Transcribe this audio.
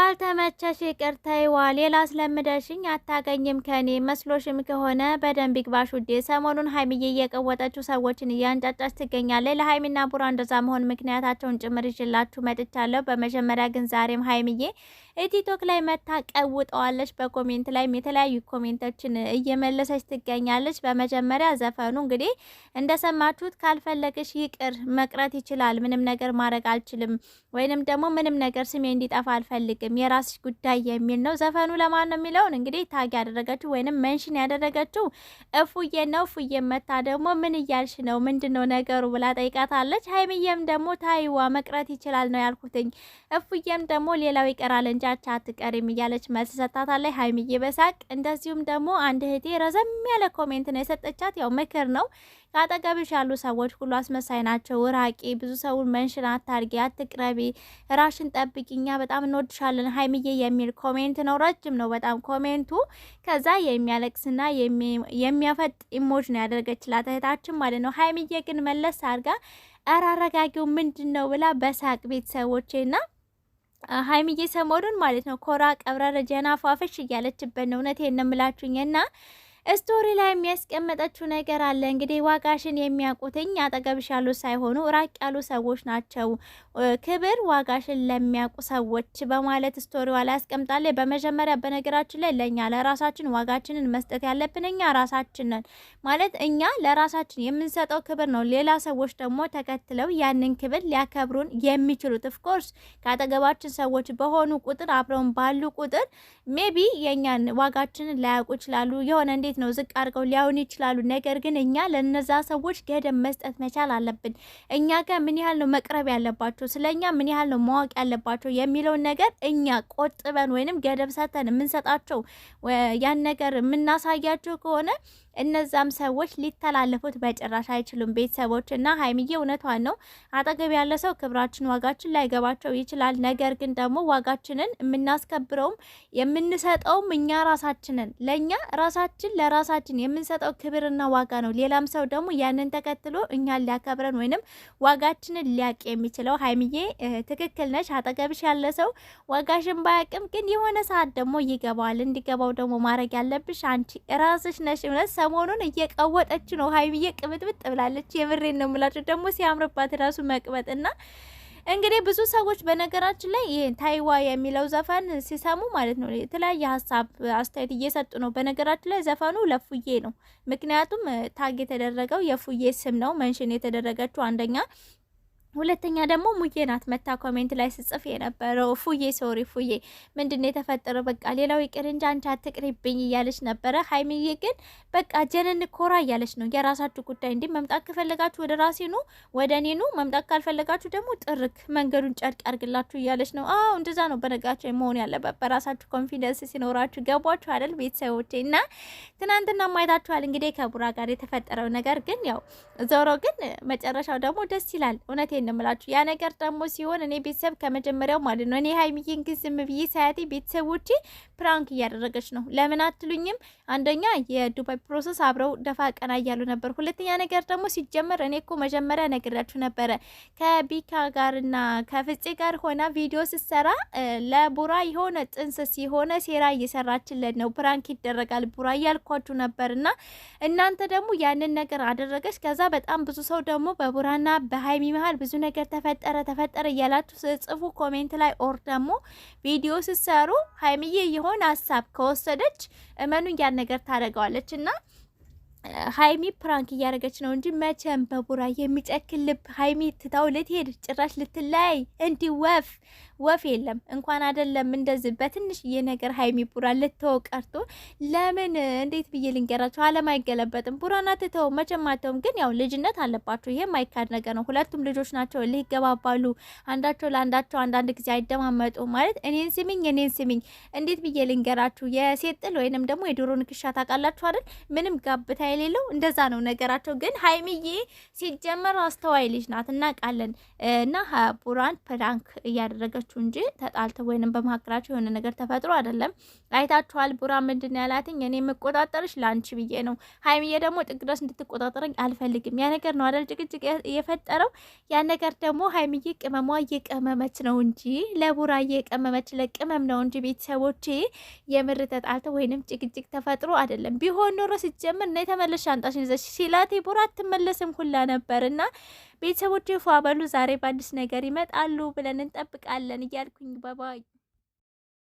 ካልተመቸሽ ይቅርታ ይዋ ሌላ አስለምደሽኝ አታገኝም ከኔ መስሎሽም ከሆነ በደንብ ይግባሽ ውዴ። ሰሞኑን ሀይሚዬ እየቀወጠችው ሰዎችን እያንጫጫች ትገኛለች። ለሀይሚና ቡራ እንደዛ መሆን ምክንያታቸውን ጭምር ይዤላችሁ መጥቻለሁ። በመጀመሪያ ግን ዛሬም ሀይሚዬ ቲክቶክ ላይ መታ ቀውጠዋለች። በኮሜንት ላይም የተለያዩ ኮሜንቶችን እየመለሰች ትገኛለች። በመጀመሪያ ዘፈኑ እንግዲህ እንደሰማችሁት ካልፈለግሽ ይቅር መቅረት ይችላል፣ ምንም ነገር ማድረግ አልችልም፣ ወይንም ደግሞ ምንም ነገር ስሜ እንዲጠፋ አልፈልግም ወይም የራስሽ ጉዳይ የሚል ነው። ዘፈኑ ለማን ነው የሚለውን እንግዲህ ታግ ያደረገችው ወይንም መንሽን ያደረገችው እፉዬ ነው። እፉዬ መታ ደግሞ ምን እያልሽ ነው? ምንድን ነው ነገሩ ብላ ጠይቃታለች። ሀይሚዬም ደግሞ ታይዋ መቅረት ይችላል ነው ያልኩትኝ። እፉዬም ደግሞ ሌላው ይቀራል እንጂ አትቀሪም እያለች መልስ ሰጣታለች። ሀይምዬ በሳቅ እንደዚሁም ደግሞ አንድ እህቴ ረዘም ያለ ኮሜንት ነው የሰጠቻት። ያው ምክር ነው ከአጠገብሽ ያሉ ሰዎች ሁሉ አስመሳይ ናቸው፣ ራቂ፣ ብዙ ሰውን መንሽን አታርጊ፣ አትቅረቢ፣ ራሽን ጠብቂ፣ እኛ በጣም እንወድሻለን ሀይምዬ የሚል ኮሜንት ነው። ረጅም ነው በጣም ኮሜንቱ። ከዛ የሚያለቅስና የሚያፈጥ ኢሞጅ ነው ያደረገችላት እህታችን ማለት ነው። ሀይምዬ ግን መለስ አርጋ አራረጋጊው ምንድን ነው ብላ በሳቅ ቤተሰቦቼና ሀይምዬ ሰሞኑን ማለት ነው ኮራ ቀብረረ ጀና ፏፈሽ እያለችበት ነው። እውነቴን ነው የምላችሁኝ እና ስቶሪ ላይ የሚያስቀመጠችው ነገር አለ። እንግዲህ ዋጋሽን የሚያውቁትኝ አጠገብሽ ያሉ ሳይሆኑ ራቅ ያሉ ሰዎች ናቸው። ክብር ዋጋሽን ለሚያውቁ ሰዎች በማለት ስቶሪዋ ላይ አስቀምጣለች። በመጀመሪያ በነገራችን ላይ ለእኛ ለራሳችን ዋጋችንን መስጠት ያለብን እኛ ራሳችን ነን። ማለት እኛ ለራሳችን የምንሰጠው ክብር ነው። ሌላ ሰዎች ደግሞ ተከትለው ያንን ክብር ሊያከብሩን የሚችሉት ኦፍኮርስ ከአጠገባችን ሰዎች በሆኑ ቁጥር አብረውን ባሉ ቁጥር ሜቢ የእኛን ዋጋችንን ላያውቁ ይችላሉ የሆነ እንዴ እንዴት ነው ዝቅ አድርገው ሊያዩን ይችላሉ። ነገር ግን እኛ ለነዛ ሰዎች ገደብ መስጠት መቻል አለብን። እኛ ጋር ምን ያህል ነው መቅረብ ያለባቸው፣ ስለ እኛ ምን ያህል ነው ማወቅ ያለባቸው የሚለውን ነገር እኛ ቆጥበን ወይንም ገደብ ሰተን የምንሰጣቸው ያን ነገር የምናሳያቸው ከሆነ እነዛም ሰዎች ሊተላለፉት በጭራሽ አይችሉም። ቤተሰቦች እና ሀይሚዬ እውነቷን ነው። አጠገብ ያለ ሰው ክብራችን፣ ዋጋችን ላይገባቸው ይችላል። ነገር ግን ደግሞ ዋጋችንን የምናስከብረውም የምንሰጠውም እኛ ራሳችንን ለእኛ ራሳችን ለራሳችን የምንሰጠው ክብርና ዋጋ ነው። ሌላም ሰው ደግሞ ያንን ተከትሎ እኛን ሊያከብረን ወይንም ዋጋችንን ሊያቅ የሚችለው ሀይሚዬ ትክክል ነሽ። አጠገብሽ ያለ ሰው ዋጋሽን ባያቅም ግን የሆነ ሰዓት ደግሞ ይገባዋል። እንዲገባው ደግሞ ማድረግ ያለብሽ አንቺ ራስሽ ነሽ። እውነት ሰሞኑን እየቀወጠች ነው ሀይሚዬ፣ ቅብጥብጥ ብላለች። የምሬን ነው የምላችሁ ደግሞ ሲያምርባት ራሱ መቅበጥና እንግዲህ ብዙ ሰዎች በነገራችን ላይ ይሄ ታይዋ የሚለው ዘፈን ሲሰሙ ማለት ነው የተለያየ ሀሳብ አስተያየት እየሰጡ ነው። በነገራችን ላይ ዘፈኑ ለፉዬ ነው። ምክንያቱም ታግ የተደረገው የፉዬ ስም ነው መንሽን የተደረገችው አንደኛ ሁለተኛ ደግሞ ሙዬ ናት መታ ኮሜንት ላይ ስጽፍ የነበረው ፉዬ ሶሪ ፉዬ ምንድን የተፈጠረው በቃ ሌላው ይቅር እንጂ አንቺ አትቅሪብኝ እያለች ነበረ። ሀይሚዬ ግን በቃ ጀነን ኮራ እያለች ነው። የራሳችሁ ጉዳይ እንዲህ መምጣት ከፈለጋችሁ ወደ ራሴ ኑ፣ ወደ እኔ ኑ። መምጣት ካልፈለጋችሁ ደግሞ ጥርክ መንገዱን ጨርቅ ያርግላችሁ እያለች ነው። አዎ እንደዛ ነው በነጋቸው መሆን ያለበት በራሳችሁ ኮንፊደንስ ሲኖራችሁ። ገቧችሁ አይደል ቤተሰቦቼ? እና ትናንትና ማየታችኋል እንግዲህ ከቡራ ጋር የተፈጠረው ነገር ግን ያው ዞሮ ግን መጨረሻው ደግሞ ደስ ይላል እውነት ነው የምላችሁ። ያ ነገር ደግሞ ሲሆን እኔ ቤተሰብ ከመጀመሪያው ማለት ነው እኔ ሀይሚዬን ግን ዝም ብዬ ሳያቴ ቤተሰቦቼ ፕራንክ እያደረገች ነው ለምን አትሉኝም? አንደኛ የዱባይ ፕሮሰስ አብረው ደፋ ቀና እያሉ ነበር። ሁለተኛ ነገር ደግሞ ሲጀመር እኔ እኮ መጀመሪያ ነግራችሁ ነበረ ከቢካ ጋርና ከፍጼ ጋር ሆና ቪዲዮ ስትሰራ ለቡራ የሆነ ጥንስስ የሆነ ሴራ እየሰራችለን ነው ፕራንክ ይደረጋል ቡራ እያልኳችሁ ነበርና እናንተ ደግሞ ያንን ነገር አደረገች። ከዛ በጣም ብዙ ሰው ደግሞ በቡራና በሀይሚ መሀል ብዙ ብዙ ነገር ተፈጠረ ተፈጠረ እያላችሁ ስጽፉ ኮሜንት ላይ ኦር ደግሞ ቪዲዮ ስሰሩ ሀይሚዬ የሆነ ሀሳብ ከወሰደች እመኑ ያን ነገር ታደርገዋለች እና ሀይሚ ፕራንክ እያደረገች ነው እንጂ መቼም በቡራ የሚጨክል ልብ ሀይሚ ትታው ልትሄድ ጭራሽ ልትለያይ እንዲህ ወፍ ወፍ የለም። እንኳን አይደለም እንደዚህ በትንሽዬ ነገር ሀይሚ ቡራ ልትተው ቀርቶ ለምን እንዴት ብዬ ልንገራቸው፣ አለም አይገለበጥም። ቡራና ትተው መቼም አተውም። ግን ያው ልጅነት አለባቸው፣ ይሄ ማይካድ ነገር ነው። ሁለቱም ልጆች ናቸው፣ ሊገባባሉ፣ አንዳቸው ለአንዳቸው አንዳንድ ጊዜ አይደማመጡ ማለት። እኔን ስሚኝ፣ እኔን ስሚኝ፣ እንዴት ብዬ ልንገራችሁ። የሴት ጥል ወይንም ደግሞ የዶሮ ንክሻ ታውቃላችሁ አይደል? ምንም ጋብታ የሌለው እንደዛ ነው ነገራቸው። ግን ሀይሚዬ ሲጀመር አስተዋይ ልጅ ናት እናውቃለን። እና ቡራን ፕራንክ እያደረገችው እንጂ ተጣልተው ወይንም በመካከላቸው የሆነ ነገር ተፈጥሮ አይደለም። አይታችኋል። ቡራ ምንድን ያላትኝ እኔ የምቆጣጠርሽ ለአንቺ ብዬ ነው። ሀይሚዬ ደግሞ ጥግ ድረስ እንድትቆጣጠረኝ አልፈልግም። ያ ነገር ነው አደል ጭቅጭቅ የፈጠረው። ያ ነገር ደግሞ ሀይሚዬ ቅመሟ እየቀመመች ነው እንጂ ለቡራ እየቀመመች ለቅመም ነው እንጂ ቤተሰቦቼ የምር ተጣልተው ወይንም ጭቅጭቅ ተፈጥሮ አይደለም። ቢሆን ኖሮ ሲጀምር ተመለሽ ሻንጣሽን ይዘሽ ሲላት ቡራ አትመለስም ሁላ ነበር እና ቤተሰቦች ፏ በሉ ዛሬ በአዲስ ነገር ይመጣሉ ብለን እንጠብቃለን እያልኩኝ ባባይ